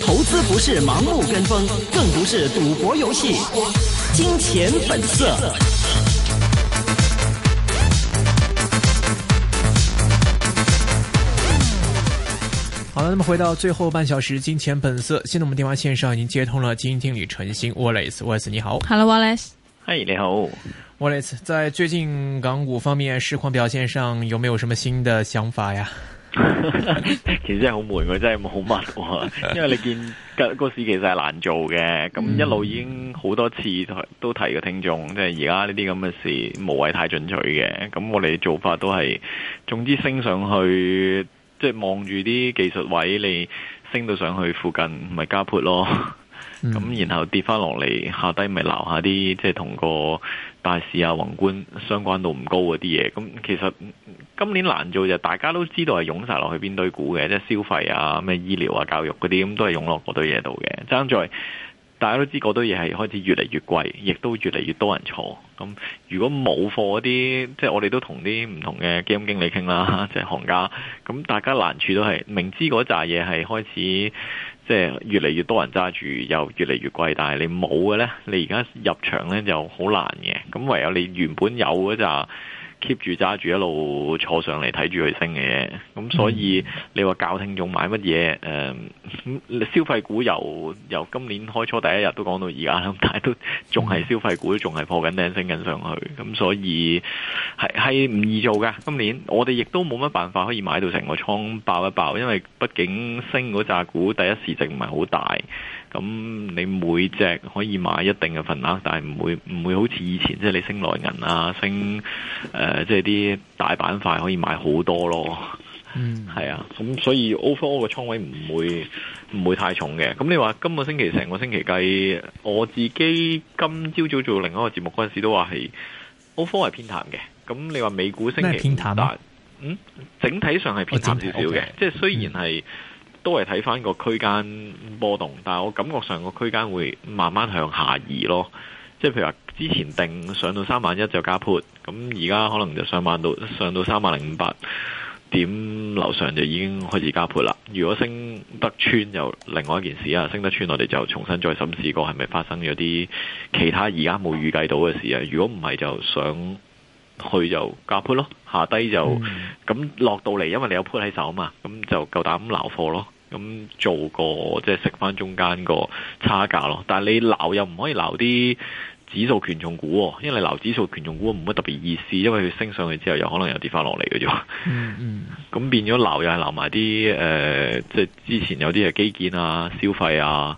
投資不是盲目跟風，更不是賭博遊戲。金錢本色。好了，那麼回到最後半小時，金錢本色。現在我們電話線上已經接通了基金經理陳昕 Wallace，Wallace 你好。Hello Wallace，嗨，你好，Wallace。在最近港股方面市況表現上，有沒有什麼新的想法呀？ 其實真係好悶，我真係冇乜。因為你見，個市其實係難做嘅，咁一路已經好多次都提過聽眾，即係而家呢啲咁嘅事，無謂太進取嘅。咁我哋做法都係，總之升上去，即係望住啲技術位，你升到上去附近，咪加潑咯。咁 然後跌翻落嚟，下低咪留下啲，即係同個。大市啊，宏觀相關度唔高嗰啲嘢，咁其實今年難做就大家都知道係湧晒落去邊堆股嘅，即係消費啊、咩醫療啊、教育嗰啲，咁都係湧落嗰堆嘢度嘅。爭在大家都知嗰堆嘢係開始越嚟越貴，亦都越嚟越多人坐。咁如果冇貨嗰啲，即係我哋都同啲唔同嘅基金經理傾啦，即係行家。咁大家難處都係明知嗰扎嘢係開始。即係越嚟越多人揸住，又越嚟越貴，但係你冇嘅咧，你而家入場咧就好難嘅，咁唯有你原本有嘅就，keep 住揸住一路坐上嚟睇住佢升嘅，咁所以你話教聽眾買乜嘢？誒、嗯，消費股由由今年開初第一日都講到而家，但係都仲係消費股，仲係破緊頂升緊上去。咁所以係係唔易做㗎。今年我哋亦都冇乜辦法可以買到成個倉爆一爆，因為畢竟升嗰扎股第一市值唔係好大。咁你每隻可以買一定嘅份額，但係唔會唔會好似以前即係、就是、你升內銀啊、升誒即係啲大板塊可以買好多咯。嗯，係啊，咁所以 overall 嘅倉位唔會唔會太重嘅。咁你話今個星期，成個星期計，我自己今朝早做另一個節目嗰陣時都話係 overall 係偏淡嘅。咁你話美股星期咩偏淡啊？嗯，整體上係偏淡少少嘅，okay. 即係雖然係。嗯都係睇翻個區間波動，但係我感覺上個區間會慢慢向下移咯。即係譬如話，之前定上到三萬一就加 put，咁而家可能就上萬到上到三萬零五百點，樓上就已經開始加 put 啦。如果升得穿又另外一件事啊，升得穿我哋就重新再審視過係咪發生咗啲其他而家冇預計到嘅事啊。如果唔係就上去就加 put 咯，下低就咁落到嚟，因為你有 put 喺手啊嘛，咁就夠膽撈貨咯。咁做過即係食翻中間個差價咯，但係你鬧又唔可以鬧啲指數權重股喎，因為你鬧指數權重股唔會特別意思，因為佢升上去之後又可能跌下下，嗯嗯，又跌翻落嚟嘅啫。咁變咗鬧又係鬧埋啲誒，即係之前有啲嘅基建啊、消費啊。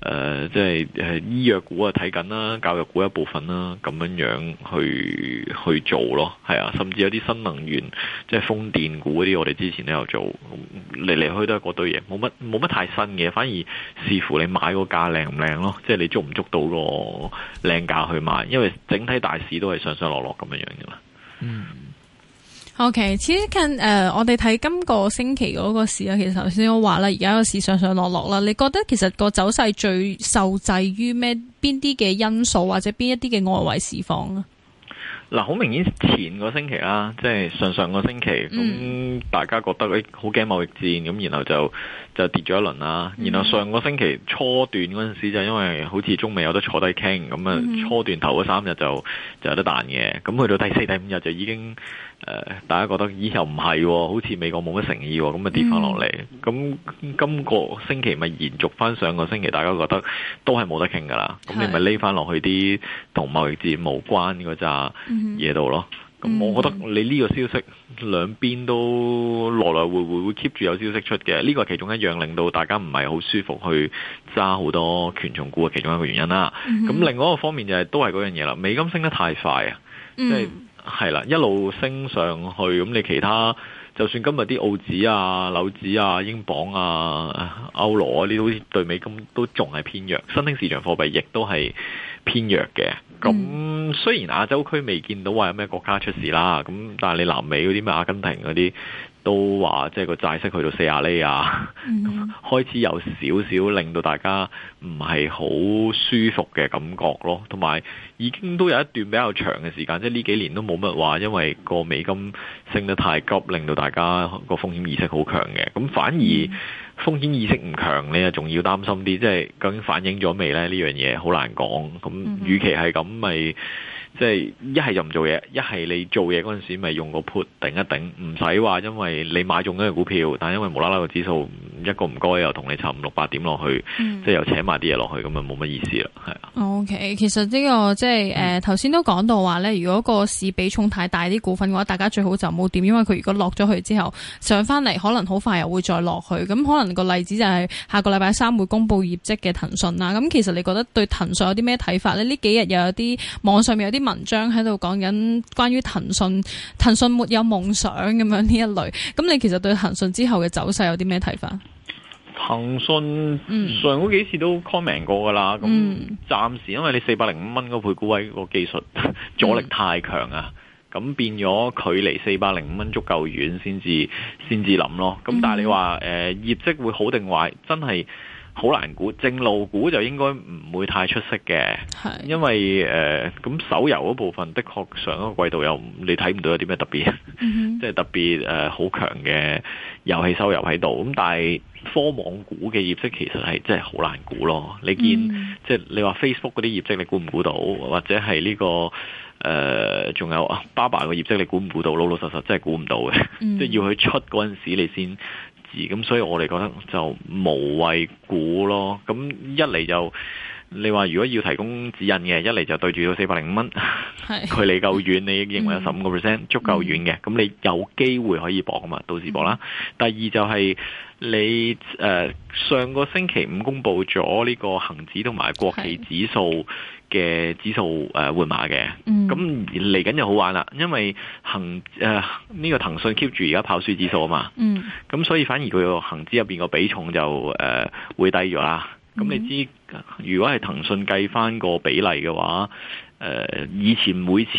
誒、呃，即係誒，醫藥股啊睇緊啦，教育股一部分啦，咁樣樣去去做咯，係啊，甚至有啲新能源，即係風電股嗰啲，我哋之前都有做，嚟嚟去都係嗰堆嘢，冇乜冇乜太新嘅，反而視乎你買個價靚唔靚咯，即係你捉唔捉到個靚價去買，因為整體大市都係上上落落咁樣樣噶嘛。嗯 OK，最近誒，我哋睇今個星期嗰個市啊，其實頭先我話啦，而家個市上上落落啦。你覺得其實個走勢最受制於咩邊啲嘅因素，或者邊一啲嘅外圍市況啊？嗱，好明顯前個星期啦，即係上上個星期，咁、嗯、大家覺得誒好驚貿易戰咁，然後就就跌咗一輪啦。然後上個星期初段嗰陣時，嗯、就因為好似中美有得坐低傾咁啊，初段頭嗰三日就就有得彈嘅。咁去到第四第五日就已經。誒，大家覺得以後唔係、哦，好似美國冇乜誠意、哦，咁咪跌翻落嚟。咁、嗯、今個星期咪延續翻上個星期，大家覺得都係冇得傾噶啦。咁是 你咪匿翻落去啲同貿易戰無關嗰扎嘢度咯。咁、嗯嗯嗯、我覺得你呢個消息兩邊都來來回回會，會 keep 住有消息出嘅。呢、這個係其中一樣令到大家唔係好舒服去揸好多權重股嘅其中一個原因啦。咁、嗯嗯、另外一個方面就係、是、都係嗰樣嘢啦。美金升得太快啊，即係。係啦，一路升上去，咁你其他就算今日啲澳紙啊、紐紙啊、英鎊啊、歐羅啊，呢啲對美金都仲係偏弱，新興市場貨幣亦都係偏弱嘅。咁、嗯、雖然亞洲區未見到話有咩國家出事啦，咁但係你南美嗰啲、阿根廷嗰啲都話，即係個債息去到四十幾厘啊，嗯、 開始有少少令到大家唔係好舒服嘅感覺咯。同埋已經都有一段比較長嘅時間，即係呢幾年都冇乜話，因為個美金升得太急，令到大家個風險意識好強嘅。咁反而。風險意識唔強，你啊仲要擔心啲，即係究竟反映咗未呢？呢樣嘢好難講。咁，與其係噉，咪。即係一係就唔做嘢，一係你做嘢嗰陣時咪用個 put 頂一頂，唔使話因為你買中嗰隻股票，但因為無啦啦個指數一個唔該又同你差五六八點落去，嗯、即係又請埋啲嘢落去，咁就冇乜意思啦，係啊。O、okay, K，其實呢、這個即係誒頭先都講到話咧，如果個市比重太大啲股份嘅話，大家最好就冇點，因為佢如果落咗去之後上翻嚟，可能好快又會再落去。咁可能個例子就係、是、下個禮拜三會公布業績嘅騰訊啦。咁其實你覺得對騰訊有啲咩睇法呢？呢幾日又有啲網上面有啲。文章喺度講緊關於騰訊，騰訊沒有夢想咁樣呢一類，咁你其實對騰訊之後嘅走勢有啲咩睇法？騰訊訊、嗯、上嗰幾次都 comment 過噶啦，咁暫、嗯、時因為你四百零五蚊嗰個配股位個技術阻力太強啊，咁、嗯、變咗距離四百零五蚊足夠遠先至先至諗咯。咁但係你話誒、呃、業績會好定壞，真係。好難估，正路股就應該唔會太出色嘅，是因為，誒、呃，咁手遊嗰部分的確上一個季度又你睇唔到有啲咩特別，mm hmm. 即係特別誒好強嘅遊戲收入喺度。咁、呃、但係科網股嘅業績其實係真係好難估咯。你見、mm hmm. 即係你話 Facebook 嗰啲業績你估唔估到，或者係呢、這個誒仲、呃、有阿爸爸個業績你估唔估到？老老實實真係估唔到嘅，mm hmm. 即係要去出嗰陣時你先。咁所以我哋覺得就無謂估咯，咁一嚟就。你話如果要提供指引嘅，一嚟就對住到四百零五蚊，是距離夠遠，你認為有十五個 percent 足夠遠嘅，咁你有機會可以搏啊嘛，到時搏啦。嗯、第二就係、是、你誒、呃、上個星期五公布咗呢個恒指同埋國企指數嘅指數誒換碼嘅，咁嚟緊就好玩啦，因為恒誒呢個騰訊 keep 住而家跑輸指數啊嘛，咁、嗯、所以反而佢個恒指入邊個比重就誒會低咗啦。咁你知如果係騰訊計翻個比例嘅話，誒、呃、以前每次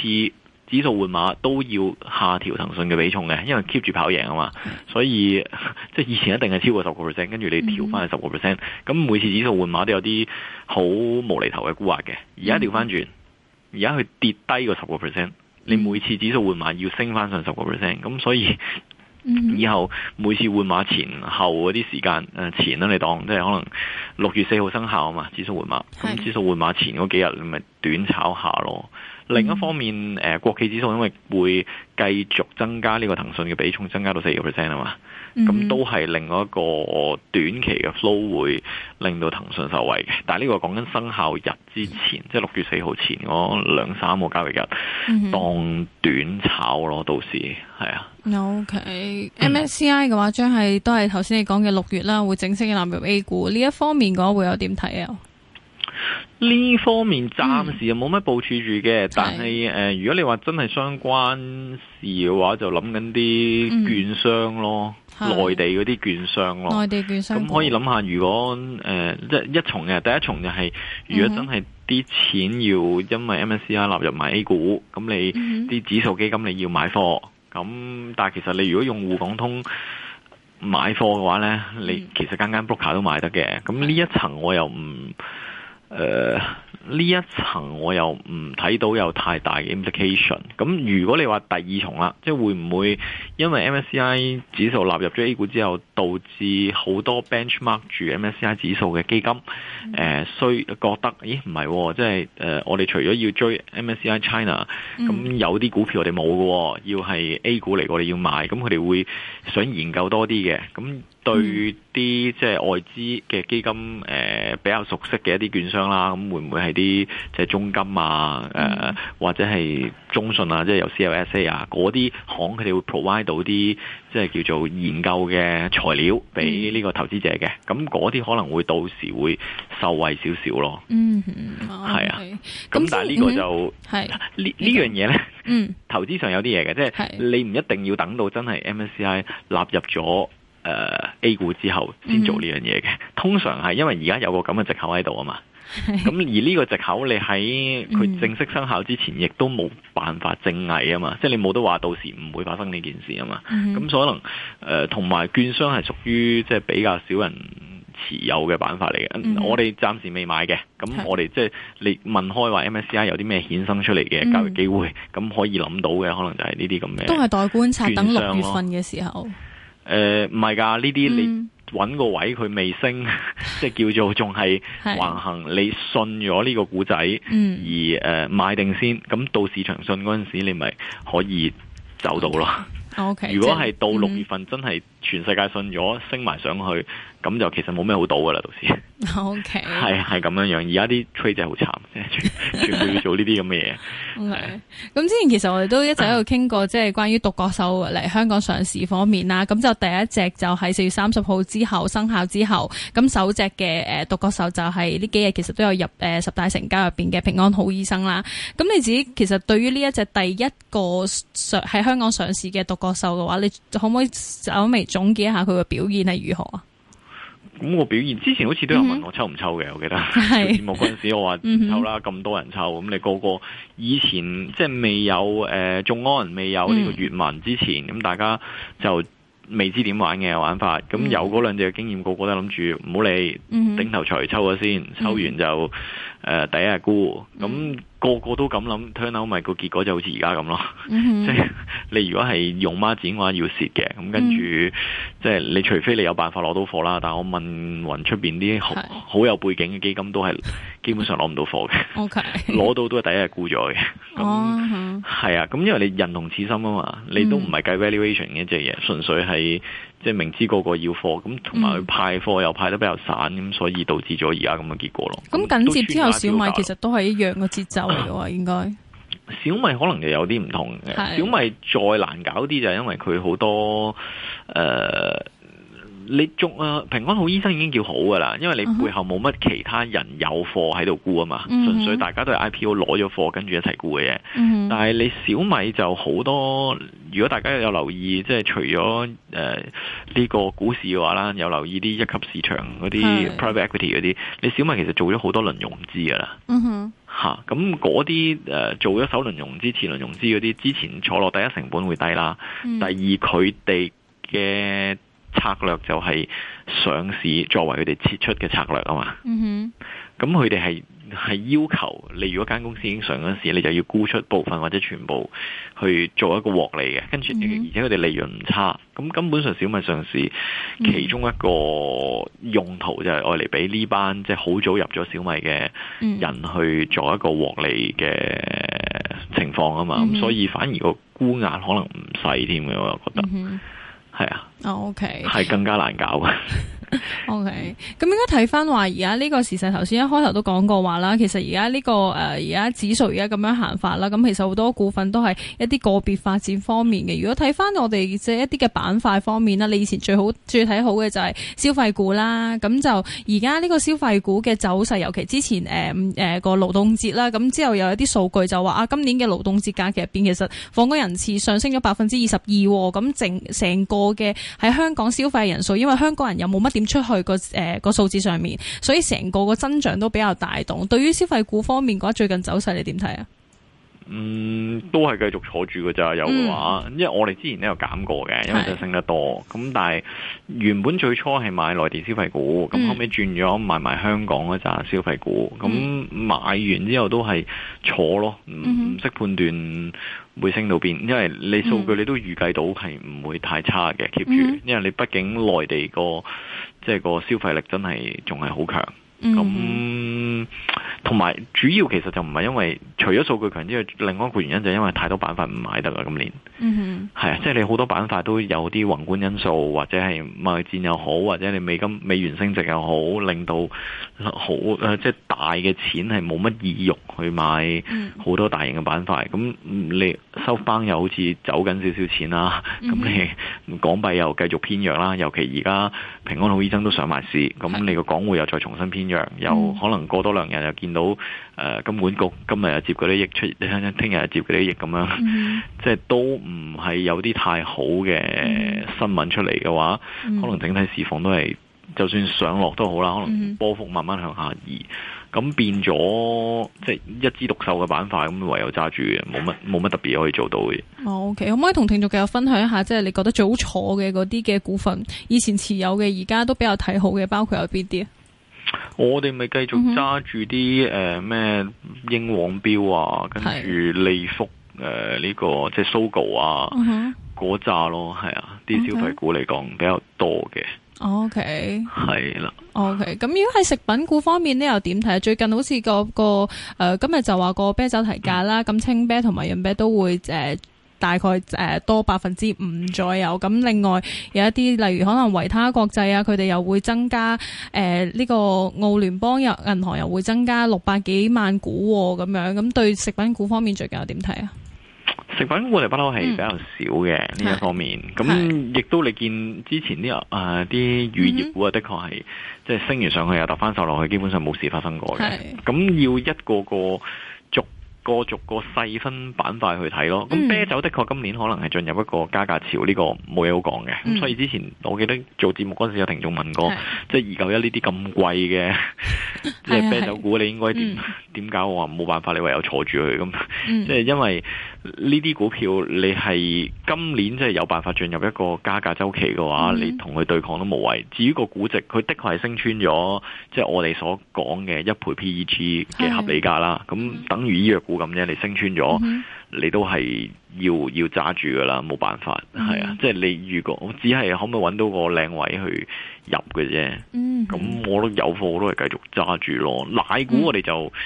指數換馬都要下調騰訊嘅比重嘅，因為 keep 住跑贏啊嘛，所以即係以前一定係超過十個 percent，跟住你調翻去十個 percent，咁每次指數換馬都有啲好無厘頭嘅估劃嘅。而家調翻轉，而家佢跌低個十個 percent，你每次指數換馬要升翻上十個 percent，咁所以。以後每次換馬前後嗰啲時間，誒、呃、前啦，你當即係可能六月四號生效啊嘛，指數換馬咁，指數換馬前嗰幾日你咪短炒下咯。另一方面，誒、呃、國企指數因為會繼續增加呢個騰訊嘅比重，增加到四個 percent 啊嘛，咁、mm hmm. 都係另一個短期嘅 flow 會令到騰訊受惠嘅。但係呢個講緊生效日之前，mm hmm. 即係六月四號前嗰兩三個交易日，當短炒咯，到時係啊。Mm hmm. OK，MSCI、okay. 嘅話將係都係頭先你講嘅六月啦，會正式嘅納入 A 股呢一方面，我會有點睇啊。呢方面暫時又冇乜部署住嘅，嗯、但係誒、呃，如果你話真係相關事嘅話，就諗緊啲券商咯，內、嗯、地嗰啲券商咯，咁可以諗下。如果誒，即、呃、係一,一重嘅，第一重就係、是、如果真係啲錢要因為 MSCI 納入埋 A 股，咁你啲、嗯、哼指數基金你要買貨，咁但係其實你如果用滬港通買貨嘅話呢，你其實間間 broker、er、都買得嘅。咁呢一層我又唔～誒呢、uh, 一層我又唔睇到有太大嘅 implication。咁如果你話第二重啦，即係會唔會因為 MSCI 指數納入咗 A 股之後，導致好多 benchmark 住 MSCI 指數嘅基金誒，需、mm. 呃、覺得咦唔係，即係誒我哋除咗要追 MSCI China，咁、mm. 有啲股票我哋冇嘅，要係 A 股嚟我哋要買，咁佢哋會想研究多啲嘅，咁。對啲即係外資嘅基金，誒、呃、比較熟悉嘅一啲券商啦，咁會唔會係啲即係中金啊，誒、呃、或者係中信啊，即係由 CUSA 啊嗰啲行佢哋會 provide 到啲即係叫做研究嘅材料俾呢個投資者嘅，咁嗰啲可能會到時會受惠少少咯。嗯，係啊，咁、啊嗯、但係呢個就係呢呢樣嘢咧。嗯，這個、嗯 投資上有啲嘢嘅，即、就、係、是、你唔一定要等到真係 MSCI 納入咗誒，呃 A 股之後先做呢、mm hmm. 樣嘢嘅，通常係因為而家有個咁嘅藉口喺度啊嘛。咁 而呢個藉口，你喺佢正式生效之前，亦都冇辦法證偽啊嘛。即係你冇得話，到時唔會發生呢件事啊嘛。咁、mm hmm. 可能誒，同、呃、埋券商係屬於即係比較少人持有嘅辦法嚟嘅。Mm hmm. 我哋暫時未買嘅。咁我哋即係你問開話 MSCI 有啲咩衍生出嚟嘅交易機會，咁、mm hmm. 可以諗到嘅可能就係呢啲咁嘅。都係待觀察，等六月份嘅時候。誒，唔係噶，呢啲你揾個位佢未升，嗯、 即係叫做仲係橫行。你信咗呢個古仔，而誒買定先，咁到市場信嗰陣時，你咪可以走到咯。Okay, okay, 如果係到六月份真係全世界信咗，嗯、升埋上去。咁就其實冇咩好賭噶啦，到時。O Okay . K。係係咁樣樣，而家啲 trader 好慘， 全部要做呢啲咁嘅嘢。OK，咁是之前其實我哋都一直喺度傾過，即係關於獨角獸嚟香港上市方面啦。咁 就第一隻就喺四月三十號之後生效之後，咁首隻嘅誒獨角獸就係呢幾日其實都有入誒十大成交入邊嘅平安好醫生啦。咁你自己其實對於呢一隻第一個上喺香港上市嘅獨角獸嘅話，你可唔可以稍微總結一下佢嘅表現係如何啊？咁我表現之前好似都有問我抽唔抽嘅，mm hmm. 我記得。是做節目嗰陣時我，我話抽啦，咁、hmm. 多人抽，咁你個個以前即係未有誒、呃、眾安，未有呢個粵文之前，咁、mm hmm. 大家就未知點玩嘅玩法。咁有嗰兩隻經驗，個個都諗住唔好理頂頭除抽咗先抽，抽完就。Mm hmm. 誒，第一日沽，咁個個都咁諗，turn out 咪個結果就好似而家咁咯。即係你如果係用孖展嘅話，要蝕嘅。咁跟住，即係你除非你有辦法攞到貨啦。但係我問雲出邊啲好有背景嘅基金，都係基本上攞唔到貨嘅。O K。攞到都係第一日沽咗嘅。咁係啊，咁因為你人同此心啊嘛，你都唔係計 valuation 嘅一隻嘢，純粹係。即係明知個個要貨，咁同埋佢派貨又派得比較散，咁所以導致咗而家咁嘅結果咯。咁緊接之後小米其實都係一樣個節奏嚟嘅話，啊、應該該小米可能又有啲唔同嘅。的小米再難搞啲就係因為佢好多誒。呃你做啊平安好醫生已經叫好噶啦，因為你背後冇乜其他人有貨喺度沽啊嘛，mm hmm. 純粹大家都係 IPO 攞咗貨跟住一齊沽嘅。嘢、mm。Hmm. 但係你小米就好多，如果大家有留意，即係除咗誒呢個股市嘅話啦，有留意啲一級市場嗰啲、mm hmm. private equity 嗰啲，你小米其實做咗好多輪融資噶啦。嗯咁嗰啲誒做咗首輪融資、次輪融資嗰啲，之前坐落第一成本會低啦，mm hmm. 第二佢哋嘅策略就係上市作為佢哋撤出嘅策略啊嘛。咁佢哋係係要求你如果間公司已經上咗市，你就要沽出部分或者全部去做一個獲利嘅。跟住而且佢哋利潤唔差，咁根本上小米上市其中一個用途就係愛嚟俾呢班即係好早入咗小米嘅人去做一個獲利嘅情況啊嘛。咁、mm hmm. 所以反而個沽額可能唔細添嘅，我覺得。Mm hmm. 係啊，啊，OK，係更加難搞嘅。O K，咁應該睇翻話而家呢個時勢，頭先一開頭都講過話啦。其實而家呢個誒而家指數而家咁樣行法啦。咁其實好多股份都係一啲個別發展方面嘅。如果睇翻我哋即係一啲嘅板塊方面啦，你以前最好最睇好嘅就係消費股啦。咁就而家呢個消費股嘅走勢，尤其之前誒誒個勞動節啦，咁之後有一啲數據就話啊，今年嘅勞動節假期入邊，其實訪港人次上升咗百分之二十二。咁整成個嘅喺香港消費人數，因為香港人有冇乜出去個誒個數字上面，所以成個個增長都比較大動。對於消費股方面嘅話，最近走勢你點睇啊？嗯，都係繼續坐住嘅咋有嘅話，嗯、因為我哋之前都有減過嘅，因為就升得多。咁是但係原本最初係買內地消費股，咁、嗯、後尾轉咗買埋香港嗰紮消費股。咁、嗯、買完之後都係坐咯，唔識、嗯、哼判斷會升到邊，因為你數據你都預計到係唔會太差嘅，keep 住。嗯、哼因為你畢竟內地個。即係個消費力真係仲係好強。咁同埋主要其實就唔係因為除咗數據強之外，另外一個原因就因為太多板塊唔買得啦。今年係啊，即係你好多板塊都有啲宏觀因素，或者係貿易戰又好，或者你美金美元升值又好，令到好誒即係大嘅錢係冇乜意欲去買好多大型嘅板塊咁、嗯、哼你收翻又好似走緊少少錢啦、啊。咁、嗯、哼你港幣又繼續偏弱啦，尤其而家平安好醫生都上埋市，咁、嗯、哼你個港匯又再重新偏。又、嗯、可能過多兩日又見到誒、呃，金管局今日又接嗰啲億出，聽日又接嗰啲億咁樣，嗯、即係都唔係有啲太好嘅新聞出嚟嘅話，嗯、可能整體市況都係就算上落都好啦。可能波幅慢慢向下移，咁、嗯、變咗即係一枝獨秀嘅板塊咁，唯有揸住嘅冇乜冇乜特別可以做到嘅。哦，OK，可唔可以同聽眾嘅我分享一下，即係你覺得最好坐嘅嗰啲嘅股份，以前持有嘅，而家都比較睇好嘅，包括有邊啲啊？我哋咪繼續揸住啲誒咩英皇標啊，跟住利福誒呢、呃呢個即係 Sogo 啊嗰揸咯，係啊啲消費股嚟講比較多嘅。OK，係啦的。OK，咁如果係食品股方面咧又點睇啊？最近好似個個、呃、今日就話個啤酒提價啦，咁、嗯、青啤同埋潤啤都會誒。呃大概誒、呃、多百分之五左右，咁另外有一啲例如可能維他國際啊，佢哋又會增加誒呢、呃這個澳聯邦又銀行又會增加六百幾萬股咁、哦、樣，咁對食品股方面最近又點睇啊？食品股嚟不嬲係比較少嘅呢一方面，咁亦都你見之前呢啊啲乳業股啊，的確係即係升完上去又搭翻手落去，基本上冇事發生過嘅。咁是要一個個過逐個細分板塊去睇咯，咁啤酒的確今年可能係進入一個加價潮，呢、這個冇嘢好講嘅。咁、嗯、所以之前我記得做節目嗰陣時，有聽眾問過，的即係二九一呢啲咁貴嘅，即係啤酒股，你應該點點解？是是嗯、我話冇辦法，你唯有坐住佢咁，嗯、即係因為。呢啲股票你係今年即係有辦法進入一個加價周期嘅話，mm hmm. 你同佢對抗都無謂。至於個估值，佢的確係升穿咗，即、就、係、是、我哋所講嘅一倍 PEG 嘅合理價啦。咁、mm hmm. 等於醫藥股咁啫，你升穿咗，mm hmm. 你都係要要揸住噶啦，冇辦法。係、mm hmm. 啊，即、就、係、是、你如果只係可唔可以揾到個靚位去入嘅啫。咁、mm hmm. 我，我都有貨，我都係繼續揸住咯。奶股我哋就。Mm hmm.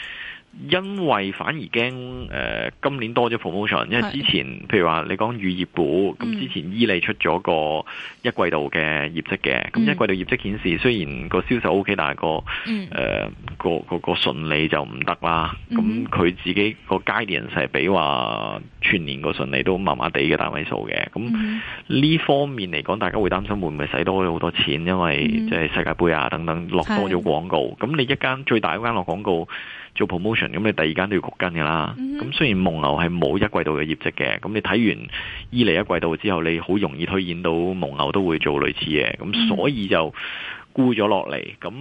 因為反而驚誒、呃，今年多咗 promotion，因為之前是譬如話你講乳業股，咁、嗯、之前伊利出咗個一季度嘅業績嘅，咁、嗯、一季度業績顯示雖然個銷售 O K，但係個誒、嗯呃、個個個順利就唔得啦。咁佢、嗯、自己個 guidance 係比話全年個順利都麻麻地嘅單位數嘅。咁呢、嗯、方面嚟講，大家會擔心會唔會使多咗好多錢，因為即係世界杯啊等等落多咗廣告。咁你一間最大一間落廣告做 promotion，咁你第二間都要焗跟嘅啦，咁、嗯、哼雖然蒙牛係冇一季度嘅業績嘅，咁你睇完伊利一季度之後，你好容易推演到蒙牛都會做類似嘢，咁所以就沽咗落嚟，咁。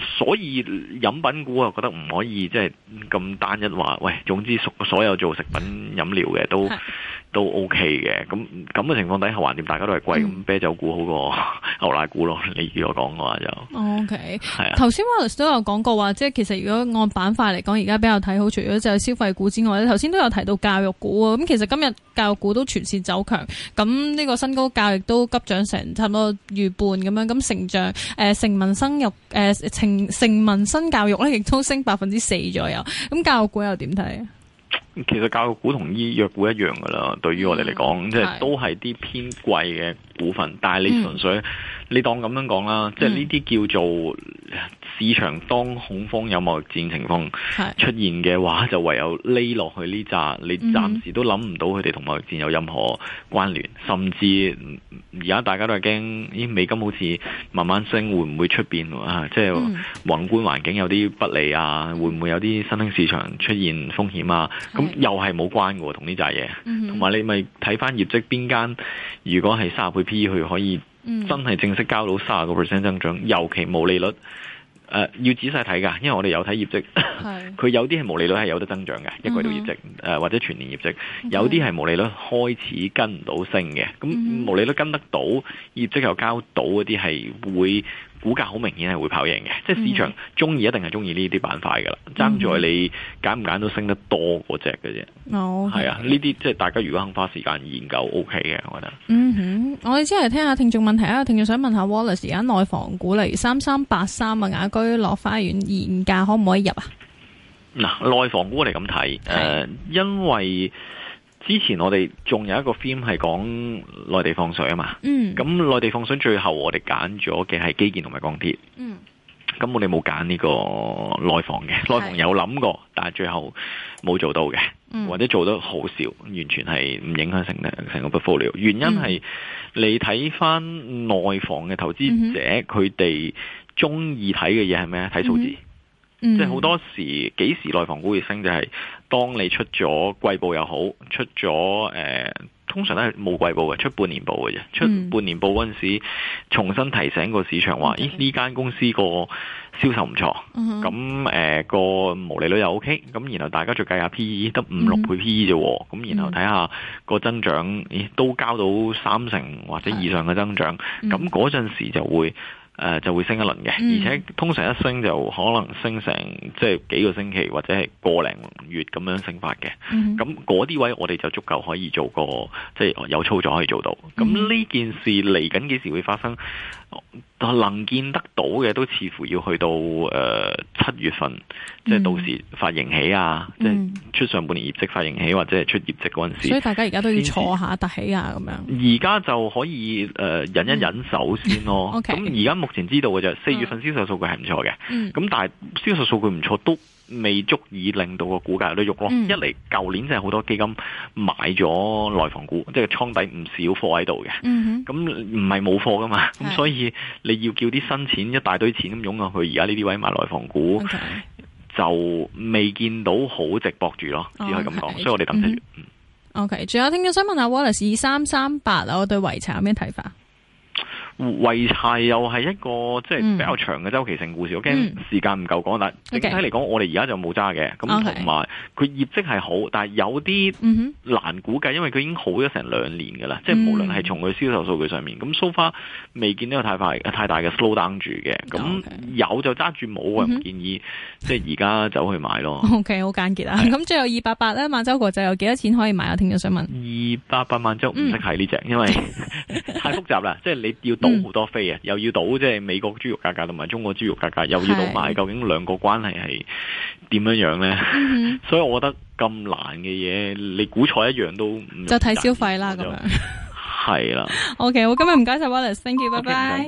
所以飲品股啊，我覺得唔可以即係咁單一話，喂，總之熟所有做食品飲料嘅都是的 都 O K 嘅。咁咁嘅情況底下，橫掂大家都係貴，嗯、啤酒股好過牛奶股咯。你如果講嘅話就 O K。係啊，頭先 Wallace 都有講過話，即係其實如果按板塊嚟講，而家比較睇好，除咗就係消費股之外咧，頭先都有提到教育股啊。咁其實今日教育股都全線走強，咁呢個新高教育都急漲成差唔多逾半咁樣。咁成長誒、呃，成民生育。誒、呃。呃成成民生教育咧亦都升百分之四左右，咁教育股又點睇啊？其實教育股同醫藥股一樣噶啦，對於我哋嚟講，嗯、即係都係啲偏貴嘅股份，的但係你純粹、嗯。你當咁樣講啦，即係呢啲叫做市場當恐慌有貿易戰情況出現嘅話，就唯有匿落去呢紮，你暫時都諗唔到佢哋同貿易戰有任何關聯，甚至而家大家都係驚，咦美金好似慢慢升，會唔會出變啊？即係宏觀環境有啲不利啊，會唔會有啲新興市場出現風險啊？咁又係冇關㗎喎，同呢扎嘢。同埋你咪睇翻業績，邊間如果係三十倍 P 佢可以。嗯、真係正式交到三十個 percent 增長，尤其毛利率，呃、要仔細睇㗎，因為我哋有睇業績，佢是 有啲係毛利率係有得增長嘅，嗯、哼一個季度業績誒、呃、或者全年業績，okay. 有啲係毛利率開始跟唔到升嘅，咁毛利率跟得到，業績又交到嗰啲係會。股價好明顯係會跑贏嘅，即係市場中意、嗯、哼一定係中意呢啲板塊噶啦，嗯、哼爭在你揀唔揀都升得多嗰隻嘅啫。哦，係、okay、啊，呢啲即係大家如果肯花時間研究，O K 嘅，我覺得。嗯哼，我哋先嚟聽下聽眾問題啊。聽眾想問下 Wallace，而家內房股例如三三八三啊，雅居樂花園現價可唔可以入啊？嗱，內房股嚟咁睇，誒的、呃，因為。之前我哋仲有一個 film 係講內地放水啊嘛。嗯，咁內地放水最後我哋揀咗嘅係基建同埋鋼鐵，嗯，咁我哋冇揀呢個內房嘅，內房有諗過，是但係最後冇做到嘅，嗯，或者做得好少，完全係唔影響成成個 portfolio。原因係你睇翻內房嘅投資者，佢哋中意睇嘅嘢係咩啊？睇數字。嗯嗯、即係好多時幾時內房股會升，就係、是、當你出咗季報又好，出咗誒、呃，通常都係冇季報嘅，出半年報嘅啫。出半年報嗰陣時，重新提醒個市場話：嗯 okay. 咦，呢間公司個銷售唔錯，咁誒個毛利率又 OK，咁然後大家再計下 PE，得五六倍 PE 啫。咁、mm hmm. 然後睇下個增長，咦，都交到三成或者以上嘅增長，咁嗰陣時就會。誒，uh, 就會升一輪嘅，而且通常一升就可能升成即係幾個星期或者係個零月咁樣升法嘅。咁嗰啲位我哋就足夠可以做個即係、就是、有操作可以做到。咁呢件事嚟緊幾時會發生？能見得到嘅都似乎要去到誒七、呃、月份，即係到時發盈喜啊，嗯、即係出上半年業績發盈喜或者係出業績嗰陣時。所以大家而家都要坐下、得起啊，咁樣。而家就可以誒、呃、忍一忍手先咯。咁而家目前知道嘅就四月份銷售數據係唔錯嘅。咁、嗯、但係銷售數據唔錯都。未足以令到個股價有得喐咯。嗯、一嚟舊年真係好多基金買咗內房股，嗯、即係倉底唔少貨喺度嘅。咁唔係冇貨噶嘛，咁是所以你要叫啲新錢一大堆錢咁湧入去，而家呢啲位買內房股 Okay. 就未見到好值博住咯，只可以咁講。Okay. 所以我哋等一月。O K，仲有聽眾想問下 Wallace 二三三八啊，對濰柴有咩睇法？維柴又係一個即係比較長嘅周期性故事，我驚時間唔夠講啦。但整體嚟講，Okay. 我哋而家就冇揸嘅，咁同埋佢業績係好，但係有啲難估計，因為佢已經好咗成兩年噶啦。即係無論係從佢銷售數據上面，咁 so far 未見到有太快太大嘅 slow down 住嘅，咁有就揸住，冇我唔建議即係而家走去買咯。O K，好簡潔啊！咁最後二百八咧，萬洲國際有幾多錢可以買啊？我聽咗想問二百八萬洲唔識睇呢隻，因為 太複雜啦，即係你要。賭好多飛啊，又要賭即係美國豬肉價格同埋中國豬肉價格，又要賭埋究竟兩個關係係點樣樣咧？ 所以我覺得咁難嘅嘢，你估錯一樣都唔，就睇消費啦，咁樣係啦。O K，好，今日唔該晒，Wallace，Thank you，拜拜。Okay,